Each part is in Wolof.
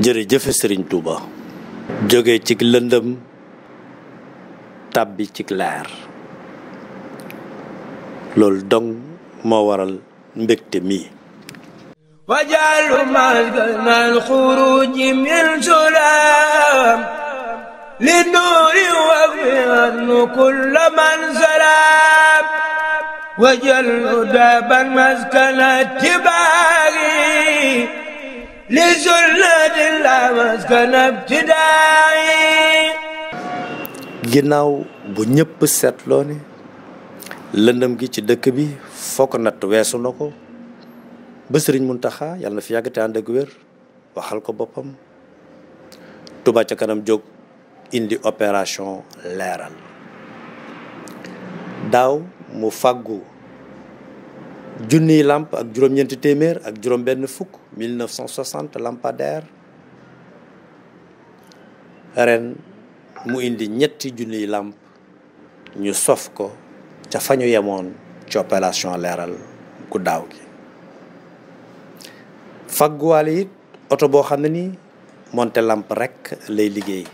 jërëjëfe sëriñ Touba. jóge cig lëndëm tàbbi cig leer loolu dong moo waral mbégte mii wajalu masgana alxuruji min sulaam li nuuri wa fianu kulla man salaam wajalu daban maskana tibaagi ginnaaw bu ñépp seetloo ne lëndëm gi ci dëkk bi fokk natt weesu na ko ba sëriñ Muntaxa yàlla na fi yàgg te ànd wér waxal ko boppam Touba ca kanam jóg indi opération leeral daaw mu fàggu junniy làmp ak juróom-ñeenti téeméer ak juróom-benn fukk 1960 lampadaire ren mu indi ñetti junniy làmp ñu sof ko ca fa ñu yemoon ci opération leeral ku daaw gi fagguwaale it oto boo xam ne ni monte làmp rekk lay liggéey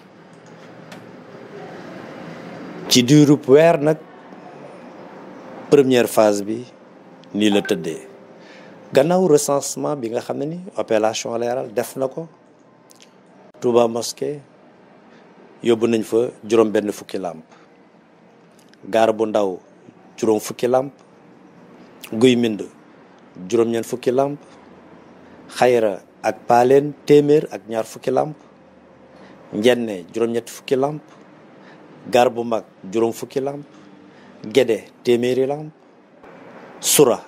ci diirub weer nag première phase bi nii la tëddee gannaaw recensement bi nga xam ne ni opération leeral def na ko Touba mosquée yóbbu nañ fa juróom benn fukki làmp gaar bu ndaw juróom fukki làmp guy mbind juróom-ñeent fukki làmp xayra ak paaleen téeméer ak ñaar fukki làmp njenne juróom-ñetti fukki làmp gaar bu mag juróom fukki làmp gede téeméeri làmp sura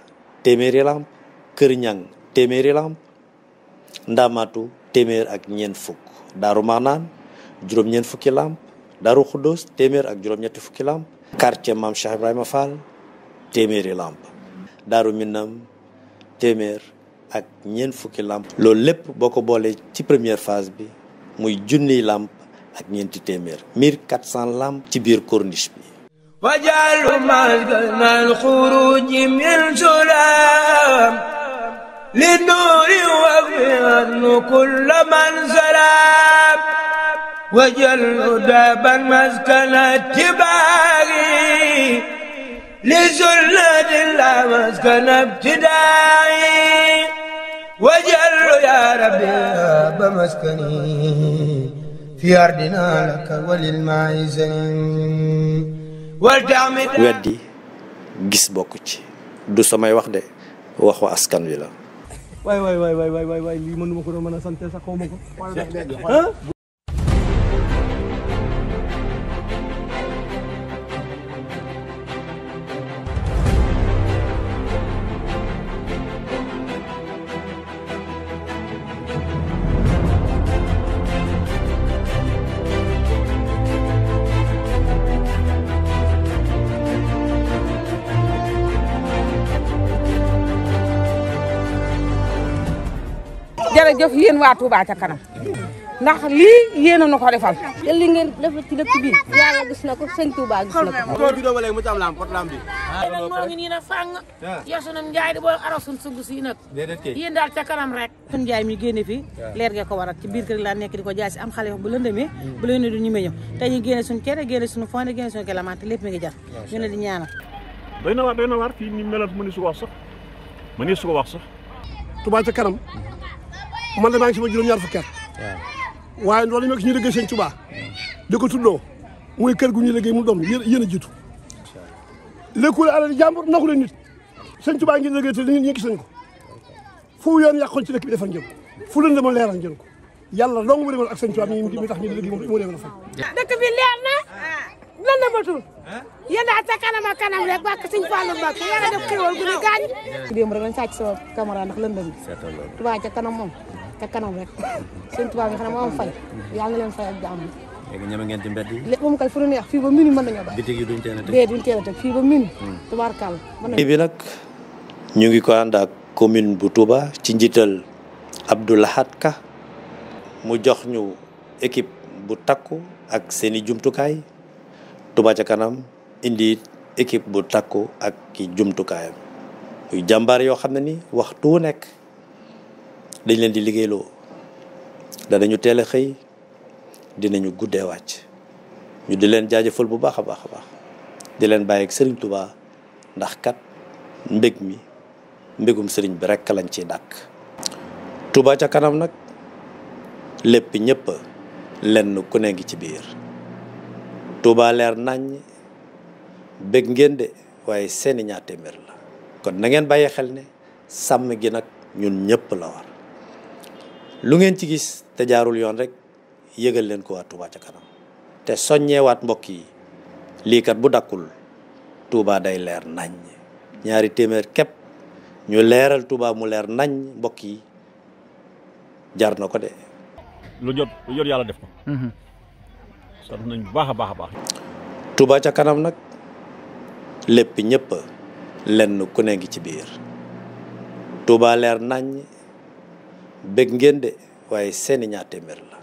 téeméeri lamp kër ñang téeméeri lamp ndamatu téeméer ak ñeent fukk daaru maanaan juróom-ñeent fukki lamp daaru xuddoos téeméer ak juróom-ñetti fukki lamp quartier maam Cheikh Ibrahima Fall téeméeri lamp daaru minam téeméer ak ñeent fukki lamp loolu lépp boo ko boolee ci première phase bi muy junniy lamp ak ñeenti téeméer 1400 lamp ci biir corniche bi واجعله مسجد الخروج من سلام للنور واغفر كل من سلام وجل دابا مسكن اتباع لسنة الله مسكن ابتدائي وجل يا ربي هاب مسكني في أرضنا لك وللمعزين weddi gis bokk ci du samay wax de waxu askan wi la. waay waay waay waay waay waay lii man nu ma ko doon mën a sant sax xaw ma ko. jërëjëf yéen waa Touba ca kanam ndax lii yéen a nu ko defal. te li ngeen def ci dëkk bi yàlla gis na ko sëñ Touba gis na ko. tool bi doo ba léegi mu ci am laam pot laam bi. nag ah, moo ngi nii nag fàng ah. yasunam njaay di boo araw suñ sugg si nag yéen daal ca kanam rek suñ njaay mi génne fi ah. leer gee ko waral ci biir kër gi laa nekk di ko jaay si am xale bu lëndëmee hmm. bu lëndëmee du ñu meññu tey ñu génne suñ cere génne suñu fonde génne suñu kelamante lépp mi ngi jar ñu ne di ñaanal doy na waar doy na waar fii ni meloon mëni su ko wax sax mëni su ko wax sax Touba ca kanam hmm. man de maa ngi sama juróom-ñaar fukki at waaye loolu ñu nekk ñu liggéey sëñ Tuubaa di ko kër gu ñu liggéey mu doom yéen a jiitu lékkule alal jàmbur naku leen nit sëñ Tuubaa ngi liggéey te nit ñi gis nañ ko fu yoon yàqoon ci dëkk bi defar njël ko fu leen dama leeral njël ko yàlla mu réewal ak sëñ Tuubaa tax ñu liggéey fa dëkk bi leer na lan la matul yéen daal kanam ak kanam rek bàkk sëñ Fallou Mbacke yàlla def xéwal gu ni gaañ démb rek lañ sàcc sama caméra ndax lëndëm bi Touba kanam moom ca kanam rek sëñ Tuubaa bi xanaa moo am fay ngeen ci mbedd fu nu fii ba minu mën nañoo def bitig yi duñ teel a teg duñ teel a teg fii ba minu hmm. tubaarkàll bi nag ñu ngi ko ànd commune bu Touba ci njiital Abdou Lahad mu jox ñu équipe bu takku ak seeni jumtukaay tubaa ca kanam indi équipe bu takku ak ki jumtukaayam muy yoo xam ne ni waxtu nekk dañ leen di liggéeyloo danañu teel a xëy dinañu guddee wàcc ñu di leen jaajëfal bu baax a baax a baax di leen bàyyi ak Serigne Touba ndax kat mbég mi mbégum sëriñ bi rekk lañ ci dàkk. Touba ca kanam nag lépp ñëpp leen ku ne ngi ci biir Touba leer nañ bég ngeen de waaye seeni ñaar téeméer la kon na ngeen bàyyi xel ne sàmm gi nag ñun ñëpp la war. lu ngeen ci gis te jaarul yoon rek yëgal leen ko waat Touba ca kanam te soññeewaat mbokk yi liikat bu dakkul Touba day leer nañ ñaari téeméer képp ñu leeral Touba mu leer nañ mbokk yi jar na ko de. lu jot lu jot yàlla def ko. Mhm. sant nañ bu baax a baax a baax. ca kanam nag lépp ñëpp lenn ku ne ngi ci biir Touba leer nañ. bëgg ngeen de waaye seeni ñaar téeméer la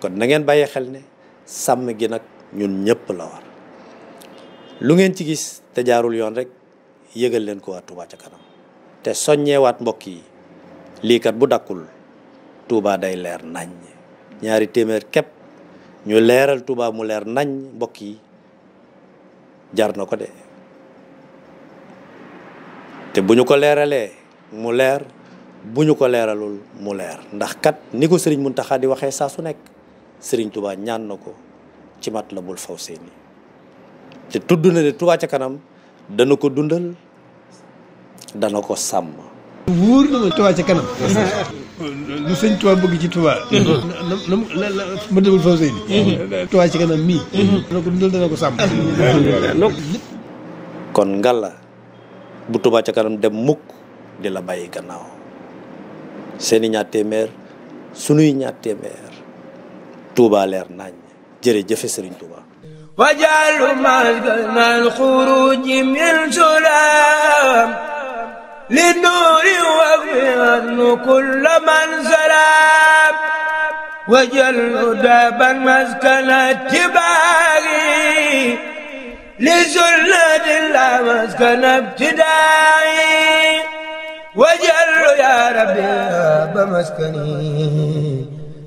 kon nangeen ngeen bàyyi xel ne sàmm gi nag ñun ñëpp la war lu ngeen ci gis te jaarul yoon rek yëgal leen ko waa Touba ca kanam te soññeewaat mbokk yi liikat bu dakkul Touba day leer nañ ñaari téeméer képp ñu leeral Touba mu leer nañ mbokk yi jar na ko de te bu ñu ko leeralee mu leer bu ñu ko leeralul mu leer ndax kat ni ko sëriñ mun Mountakha di waxee saa su nekk sëriñ tubaa ñaan na ko ci mat la bul faw seeni te tudd na ne kanam dana ko dundal dana ko sàmm. ci Touba. na mu la ma déglu faw kanam mii. dana ko dundal dana ko bu tubaa ci kanam dem mukk di la bàyyi gannaaw. seeni ñaar téeméer sunuy ñaar téeméer Touba leer nañ jërëjëfe Sëriñ Touba wajalu masganal xuruji min sulam li nuuri wafirnu kulla man salam wajalu daban maskana tibaagi li sunnati la maskana wajallu yaa rabbi ba maskani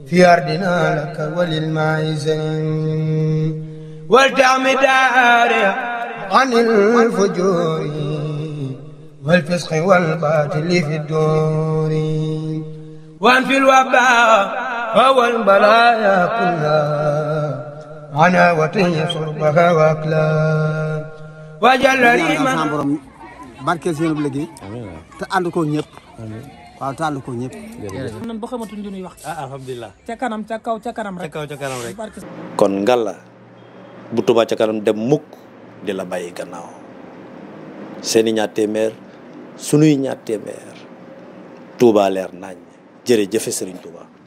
fi ardina laka walil maizani wal taami daari anil fujuri wal fisqi wal baatili fi duri wan fil waba wal balaya kulla ana wati surbaha wa akla wajallu barkeel si yéen liggéey te ànd ko ñëpp waaw te ànd ko ñëpp nan ba xamatuñ lu ñuy ah, ca kanam ca kaw ca kanam rek ca kaw ca kanam rek kon ngalla bu tubaa ca kanam dem mukk di la bàyyi gannaaw seeni ñaar téeméer sunuy ñaar téeméer Touba leer nañ jërëjëf Serigne Touba